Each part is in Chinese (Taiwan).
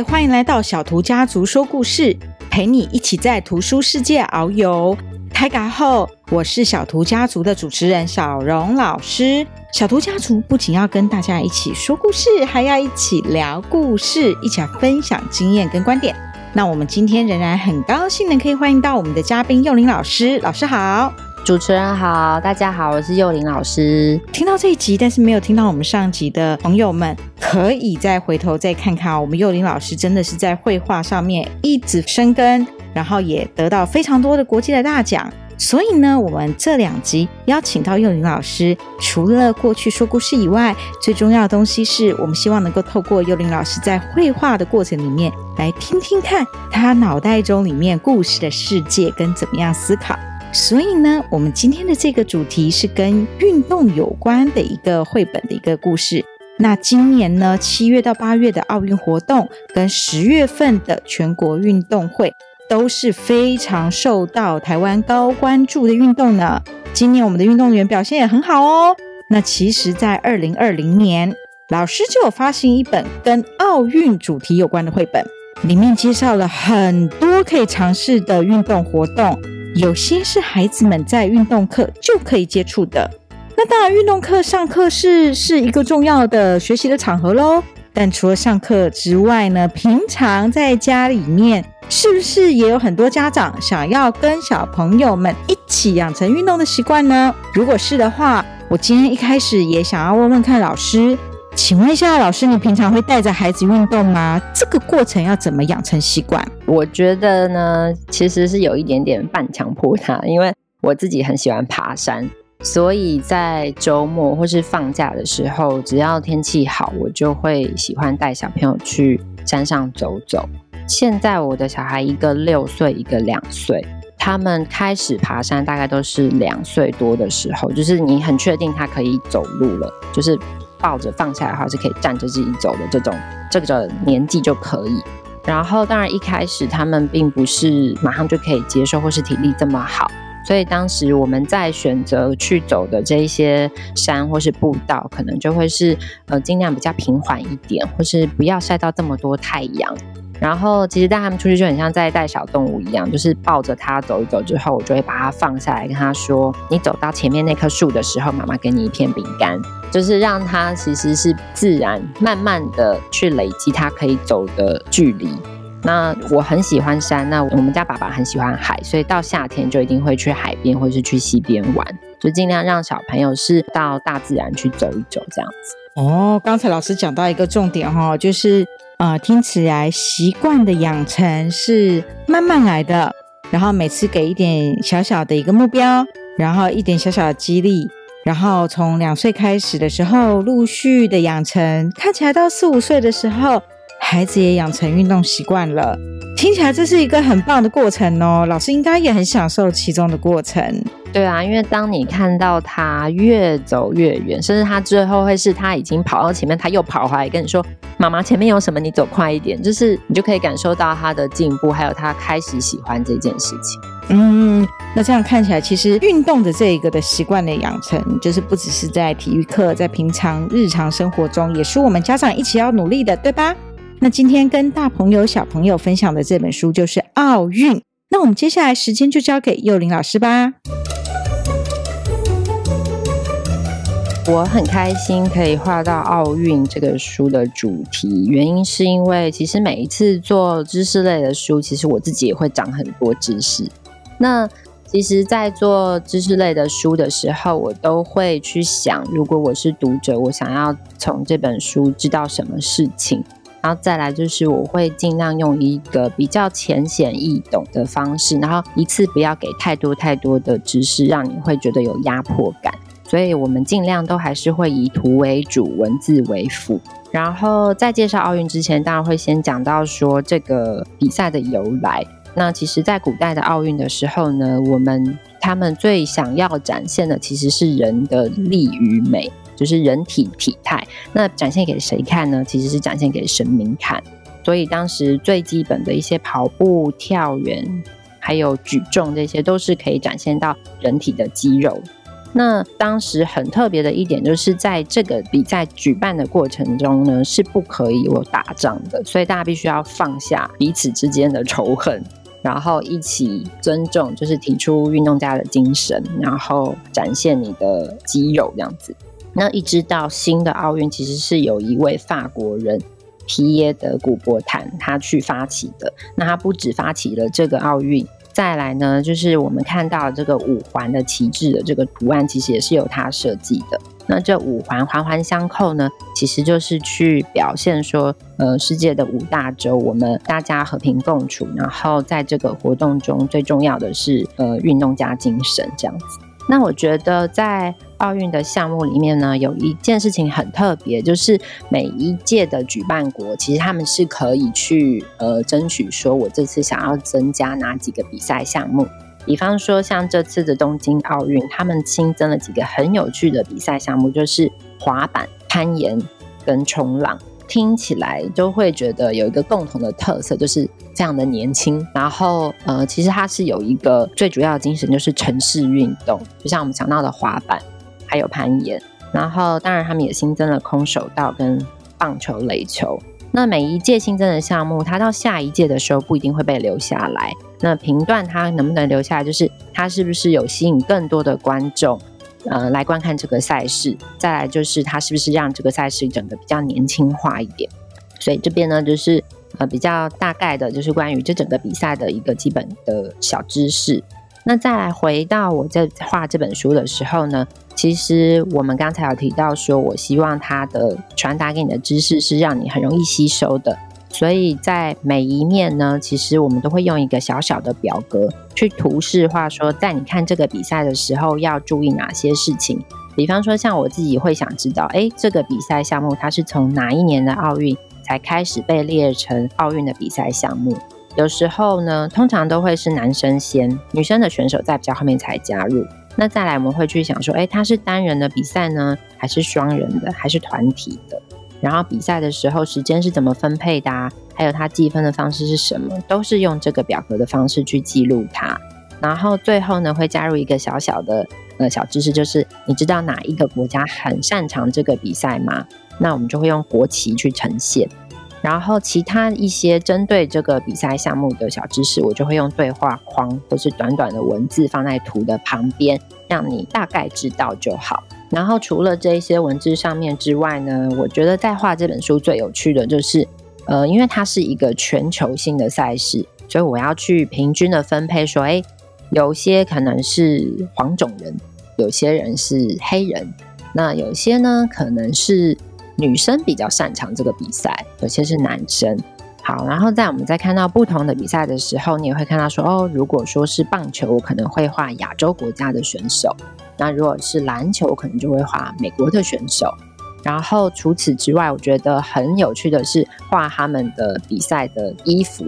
歡迎來到小圖家族說故事，陪你一起在圖書世界遨遊。開咖後，我是小圖家族的主持人小蓉老師。小圖家族不僅要跟大家一起說故事，還要一起聊故事，一起來分享經驗跟觀點。那我們今天仍然很高興的可以歡迎到我們的嘉賓又凌老師，老師好。主持人好，大家好，我是又凌老師。聽到這一集，但是沒有聽到我們上集的朋友們，可以再回頭再看看，我們又凌老師真的是在繪畫上面一直深耕，然後也得到非常多的國際的大獎。所以呢，我們這兩集邀請到又凌老師，除了過去說故事以外，最重要的東西是我們希望能夠透過又凌老師在繪畫的過程裡面，來聽聽看他腦袋中裡面故事的世界跟怎麼樣思考。所以呢，我們今天的這個主題是跟運動有關的一個繪本的一個故事。那今年呢，七月到八月的奧運活動跟十月份的全國運動會都是非常受到台灣高關注的運動呢。今年我們的運動員表現也很好哦。那其實在二零二零年，老師就有發行一本跟奧運主題有關的繪本，裡面介紹了很多可以嘗試的運動活動。有些是孩子們在運動課就可以接觸的。那當然，運動課上課是是一個重要的學習的場合咯。但除了上課之外呢，平常在家裡面，是不是也有很多家長想要跟小朋友們一起養成運動的習慣呢？如果是的話，我今天一開始也想要問問看老師。請問一下老師，你平常會帶着孩子運動嗎？這個過程要怎麼養成習慣？我覺得呢，其實是有一點點半強迫他，因為我自己很喜歡爬山，所以在週末或是放假的時候，只要天氣好，我就會喜歡帶小朋友去山上走走。現在我的小孩一個六歲，一個兩歲，他們開始爬山大概都是兩歲多的時候，就是你很確定他可以走路了，就是。抱着放下來的話是可以站着自己走的這種，這個年紀就可以。然後當然一開始他們並不是馬上就可以接受或是體力這麼好，所以當時我們在選擇去走的這一些山或是步道，可能就會是，呃，儘量比較平緩一點，或是不要曬到這麼多太陽。然後，其實帶他們出去就很像在帶小動物一樣，就是抱着它走一走之後，我就會把它放下來，跟他說：“你走到前面那棵樹的時候，媽媽給你一片餅乾。”就是讓他其實是自然慢慢的去累積他可以走的距離。那我很喜歡山，那我們家爸爸很喜歡海，所以到夏天就一定會去海邊或是去溪邊玩，就盡量讓小朋友是到大自然去走一走這樣子。哦，剛才老師講到一個重點哈、哦，就是。啊、呃，聽起來習慣的養成是慢慢來的，然後每次給一點小小的一個目標，然後一點小小的激勵，然後從兩歲開始的時候陸續的養成，看起來到四五歲的時候，孩子也養成運動習慣了。聽起來這是一個很棒的過程哦，老師應該也很享受其中的過程。對啊，因為當你看到他越走越遠，甚至他最後會是他已經跑到前面，他又跑回來跟你說。媽媽前面有什麼？你走快一點，就是你就可以感受到他的進步，還有他開始喜歡這件事情。嗯，那這樣看起來，其實運動的這一個的習慣的養成，就是不只是在體育課，在平常日常生活中，也是我們家長一起要努力的，對吧？那今天跟大朋友、小朋友分享的這本書就是《奧運》。那我們接下來時間就交給又凌老師吧。我很開心可以畫到奧運這個書的主題，原因是因為其實每一次做知識類的書，其實我自己也會長很多知識。那其實，在做知識類的書的時候，我都會去想，如果我是讀者，我想要從這本書知道什麼事情，然後再來就是，我會盡量用一個比較淺顯易懂的方式，然後一次不要給太多太多的知識，讓你會覺得有壓迫感。所以我們儘量都還是會以圖為主，文字為輔。然後在介紹奧運之前，當然會先講到說這個比賽的由來。那其實，在古代的奧運的時候呢，我們他們最想要展現的其實是人的力與美，就是人體體態。那展現給誰看呢？其實是展現給神明看。所以當時最基本的一些跑步、跳遠，還有舉重，這些都是可以展現到人體的肌肉。那當時很特別的一點就是，在這個比賽舉辦的過程中呢，是不可以有打仗的，所以大家必須要放下彼此之間的仇恨，然後一起尊重，就是提出運動家的精神，然後展現你的肌肉這樣子。那一直到新的奧運其實是有一位法國人皮耶德古伯坦，他去發起的，那他不止發起了這個奧運。再來呢，就是我們看到這個五環的旗幟的這個圖案，其實也是由它設計的。那這五環環環相扣呢，其實就是去表現說，呃，世界的五大洲，我們大家和平共處。然後在這個活動中，最重要的是，呃，運動家精神這樣子。那我覺得在。奧運的項目裡面呢，有一件事情很特別，就是每一屆的舉辦國，其實他們是可以去呃爭取說，我這次想要增加哪幾個比賽項目。比方說像這次的東京奧運，他們新增了幾個很有趣的比賽項目，就是滑板、攀岩跟衝浪。聽起來都會覺得有一個共同的特色，就是非常的年輕。然後呃，其實它是有一個最主要的精神，就是城市運動，就像我們講到的滑板。還有攀岩，然後當然他們也新增了空手道跟棒球壘球。那每一屆新增的項目，它到下一屆的時候不一定會被留下來。那評斷它能不能留下來，就是它是不是有吸引更多的觀眾，呃，來觀看這個賽事。再來就是它是不是讓這個賽事整個比較年輕化一點。所以這邊呢，就是呃比較大概的，就是關於這整個比賽的一個基本的小知識。那再來回到我在畫這本書的時候呢，其實我們剛才有提到說，我希望它的傳達給你的知識是讓你很容易吸收的。所以在每一面呢，其實我們都會用一個小小的表格去圖示化說，在你看這個比賽的時候要注意哪些事情。比方說，像我自己會想知道，誒，這個比賽項目它是從哪一年的奧運才開始被列成奧運的比賽項目？有時候呢，通常都會是男生先，女生的選手在比較後面才加入。那再來，我們會去想說，哎、欸，他是單人的比賽呢，還是雙人的，還是團體的？然後比賽的時候，時間是怎麼分配的啊？還有他計分的方式是什麼？都是用這個表格的方式去記錄它。然後最後呢，會加入一個小小的呃小知識，就是你知道哪一個國家很擅長這個比賽嗎？那我們就會用國旗去呈現。然後其他一些針對這個比賽項目的小知識，我就會用對話框或是短短的文字放在圖的旁邊，讓你大概知道就好。然後除了這一些文字上面之外呢，我覺得在畫這本書最有趣的就是，呃，因為它是一個全球性的賽事，所以我要去平均的分配說，誒，有些可能是黃種人，有些人是黑人，那有些呢，可能是。女生比較擅長這個比賽，有些是男生。好，然後在我們在看到不同的比賽的時候，你也會看到說哦，如果說是棒球，我可能會畫亞洲國家的選手；那如果是籃球，我可能就會畫美國的選手。然後除此之外，我覺得很有趣的是畫他們的比賽的衣服，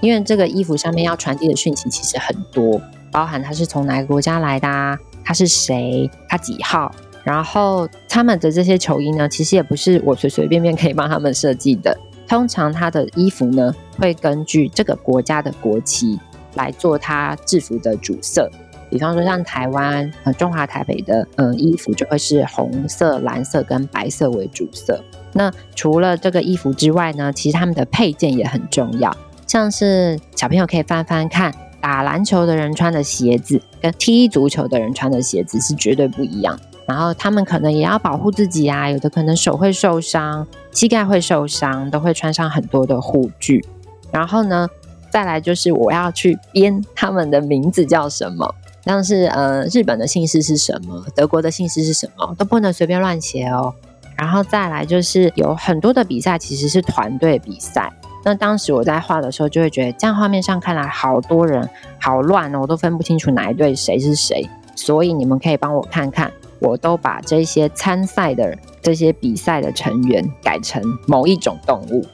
因為這個衣服上面要傳遞的訊息其實很多，包含他是從哪個國家來的啊，他是誰，他幾號。然後他們的這些球衣呢，其實也不是我隨隨便便可以幫他們設計的。通常他的衣服呢，會根據這個國家的國旗來做他制服的主色。比方說，像台灣和中華台北的，嗯，衣服就會是紅色、藍色跟白色為主色。那除了這個衣服之外呢，其實他們的配件也很重要。像是小朋友可以翻翻看，打籃球的人穿的鞋子跟踢足球的人穿的鞋子是絕對不一樣。然後他們可能也要保護自己啊，有的可能手會受傷，膝蓋會受傷，都會穿上很多的護具。然後呢，再來就是我要去編他們的名字叫什麼，但是呃日本的姓氏是什麼，德國的姓氏是什麼，都不能隨便亂寫哦。然後再來就是有很多的比賽其實是團隊比賽，那當時我在畫的時候就會覺得，這樣畫面上看來好多人好亂哦，我都分不清楚哪一隊誰是誰，所以你們可以幫我看看。我都把這些參賽的這些比賽的成員改成某一種動物。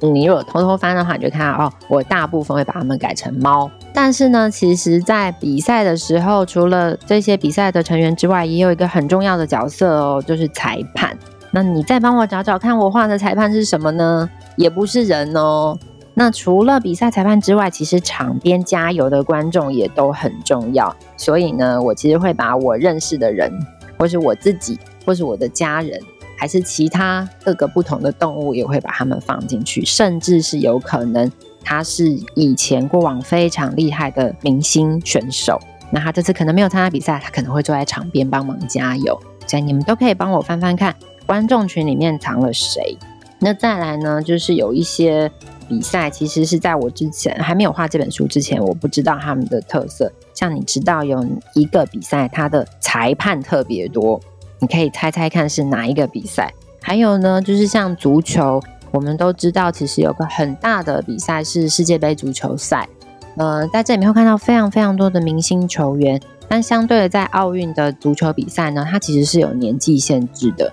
你如果偷偷翻的話，你就看到哦，我大部分會把他們改成貓。但是呢，其實，在比賽的時候，除了這些比賽的成員之外，也有一個很重要的角色哦，就是裁判。那你再幫我找找看，我畫的裁判是什麼呢？也不是人哦。那除了比賽裁判之外，其實場邊加油的觀眾也都很重要。所以呢，我其實會把我認識的人。或是我自己，或是我的家人，還是其他各個不同的動物，也會把他們放進去。甚至是有可能，他是以前過往非常厲害的明星選手，那他這次可能沒有參加比賽，他可能會坐在場邊幫忙加油。所以你們都可以幫我翻翻看，觀眾群裡面藏了誰？那再來呢，就是有一些。比賽其實是在我之前還沒有畫這本書之前，我不知道他們的特色。像你知道有一個比賽，它的裁判特別多，你可以猜猜看是哪一個比賽？還有呢，就是像足球，我們都知道其實有個很大的比賽是世界杯足球賽。呃，在這裡面會看到非常非常多的明星球員，但相對的，在奧運的足球比賽呢，它其實是有年紀限制的。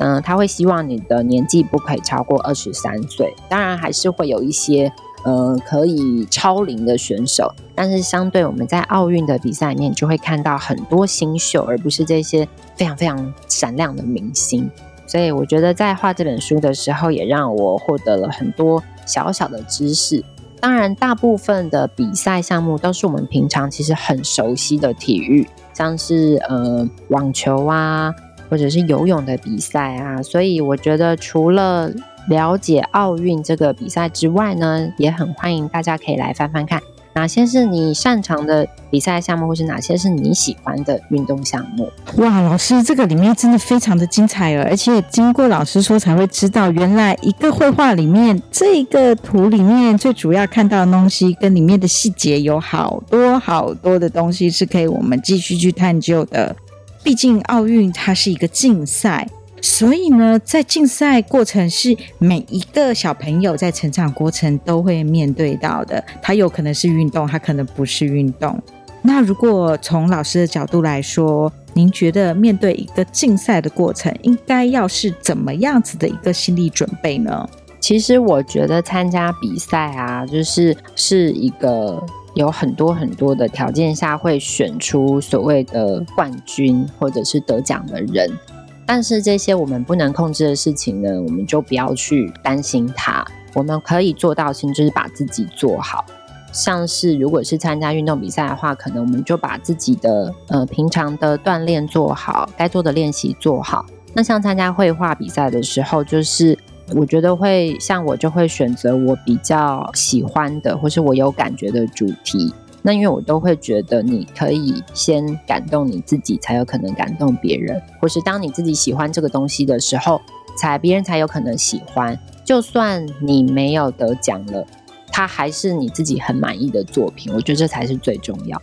嗯、呃，他會希望你的年紀不可以超過二十三歲，當然還是會有一些呃可以超齡的選手，但是相對我們在奧運的比賽裡面，就會看到很多新秀，而不是這些非常非常閃亮的明星。所以我覺得在畫這本書的時候，也讓我獲得了很多小小的知識。當然，大部分的比賽項目都是我們平常其實很熟悉的體育，像是呃網球啊。或者是游泳的比賽啊，所以我覺得除了了解奧運這個比賽之外呢，也很歡迎大家可以來翻翻看哪些是你擅長的比賽項目，或是哪些是你喜歡的運動項目。哇，老師，這個裡面真的非常的精彩哦，而且經過老師說才會知道，原來一個繪畫裡面這一個圖裡面最主要看到的東西，跟裡面的細節有好多好多的東西是可以我們繼續去探究的。畢竟奧運它是一個競賽，所以呢，在競賽過程是每一個小朋友在成長過程都會面對到的。它有可能是運動，它可能不是運動。那如果從老師的角度來說，您覺得面對一個競賽的過程，應該要是怎麼樣子的一個心理準備呢？其實我覺得參加比賽啊，就是是一個有很多很多的條件下會選出所謂的冠軍或者是得獎的人。但是這些我們不能控制的事情呢，我們就不要去擔心它。我們可以做到，心就是把自己做好。像是如果是參加運動比賽的話，可能我們就把自己的呃平常的鍛鍊做好，該做的練習做好。那像參加繪畫比賽的時候，就是。我覺得會，像我就會選擇我比較喜歡的，或是我有感覺的主題。那因為我都會覺得你可以先感動你自己，才有可能感動別人，或是當你自己喜歡這個東西的時候，才別人才有可能喜歡。就算你沒有得獎了，它還是你自己很滿意的作品。我覺得這才是最重要。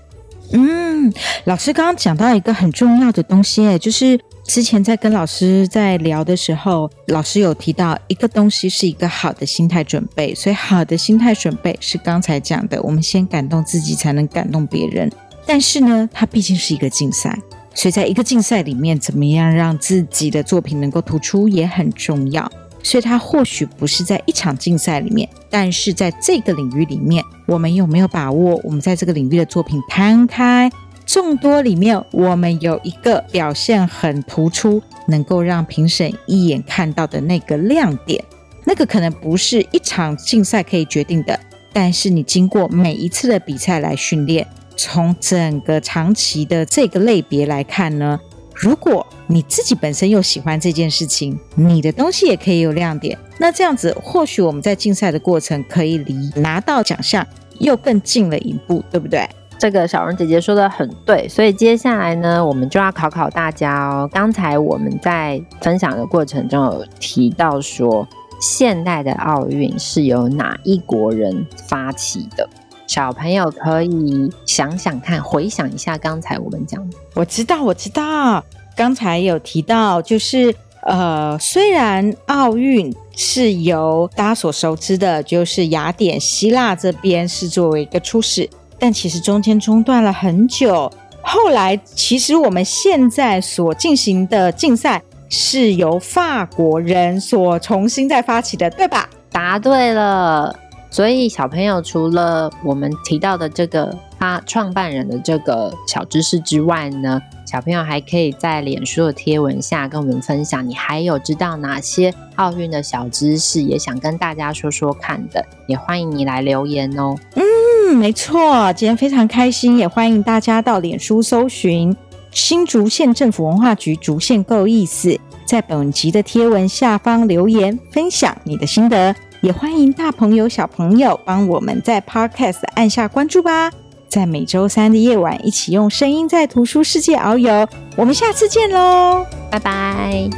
嗯，老師剛剛講到一個很重要的東西，欸，就是之前在跟老師在聊的時候，老師有提到一個東西是一個好的心態準備，所以好的心態準備是剛才講的，我們先感動自己才能感動別人。但是呢，它畢竟是一個競賽，所以在一個競賽裡面，怎麼樣讓自己的作品能夠突出也很重要。所以，它或許不是在一場競賽裡面，但是在這個領域裡面，我們有沒有把握，我們在這個領域的作品攤開，眾多裡面，我們有一個表現很突出，能夠讓評審一眼看到的那個亮點。那個可能不是一場競賽可以決定的，但是你經過每一次的比賽來訓練，從整個長期的這個類別來看呢？如果你自己本身又喜歡這件事情，你的東西也可以有亮點。那這樣子，或許我們在競賽的過程可以離拿到獎項又更近了一步，對不對？這個曉蓉姐姐說得很對，所以接下來呢，我們就要考考大家哦。剛才我們在分享的過程中有提到說，現代的奧運是由哪一國人發起的？小朋友可以想想看，回想一下剛才我們講的。我知道，我知道，剛才有提到，就是呃，雖然奧運是由大家所熟知的，就是雅典、希臘這邊是作為一個初始，但其實中間中斷了很久。後來，其實我們現在所進行的競賽是由法國人所重新再發起的，對吧？答對了。所以小朋友除了我們提到的這個他創辦人的這個小知識之外呢，小朋友還可以在臉書的貼文下跟我們分享，你還有知道哪些奧運的小知識，也想跟大家說說看的，也歡迎你來留言哦。嗯，沒錯，今天非常開心，也歡迎大家到臉書搜尋新竹縣政府文化局竹縣夠意思，在本集的貼文下方留言分享你的心得。也歡迎大朋友、小朋友幫我們在 Podcast 按下關注吧，在每周三的夜晚一起用聲音在圖書世界遨遊，我們下次見嘍，拜拜。